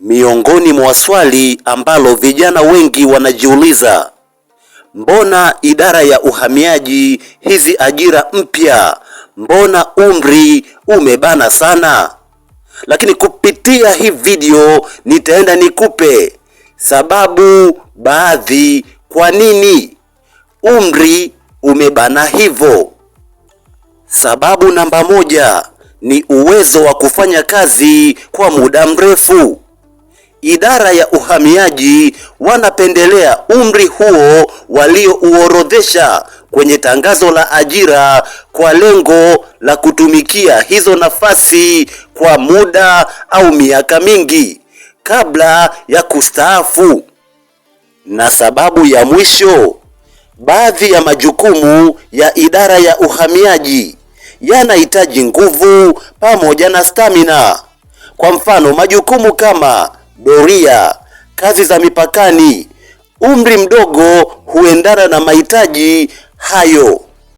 Miongoni mwa swali ambalo vijana wengi wanajiuliza, mbona idara ya uhamiaji hizi ajira mpya, mbona umri umebana sana? Lakini kupitia hii video nitaenda nikupe sababu baadhi kwa nini umri umebana hivyo. Sababu namba moja ni uwezo wa kufanya kazi kwa muda mrefu idara ya uhamiaji wanapendelea umri huo waliouorodhesha kwenye tangazo la ajira kwa lengo la kutumikia hizo nafasi kwa muda au miaka mingi kabla ya kustaafu. Na sababu ya mwisho, baadhi ya majukumu ya idara ya uhamiaji yanahitaji nguvu pamoja na stamina. Kwa mfano, majukumu kama doria, kazi za mipakani. Umri mdogo huendana na mahitaji hayo.